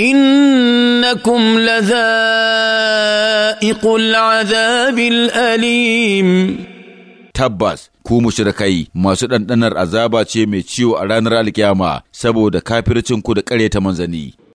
انكم لذائق العذاب الاليم tabbas ku mushrikai masu ɗanɗanar azaba ce mai ciwo a ranar alkiyama saboda kafircinku da ta manzani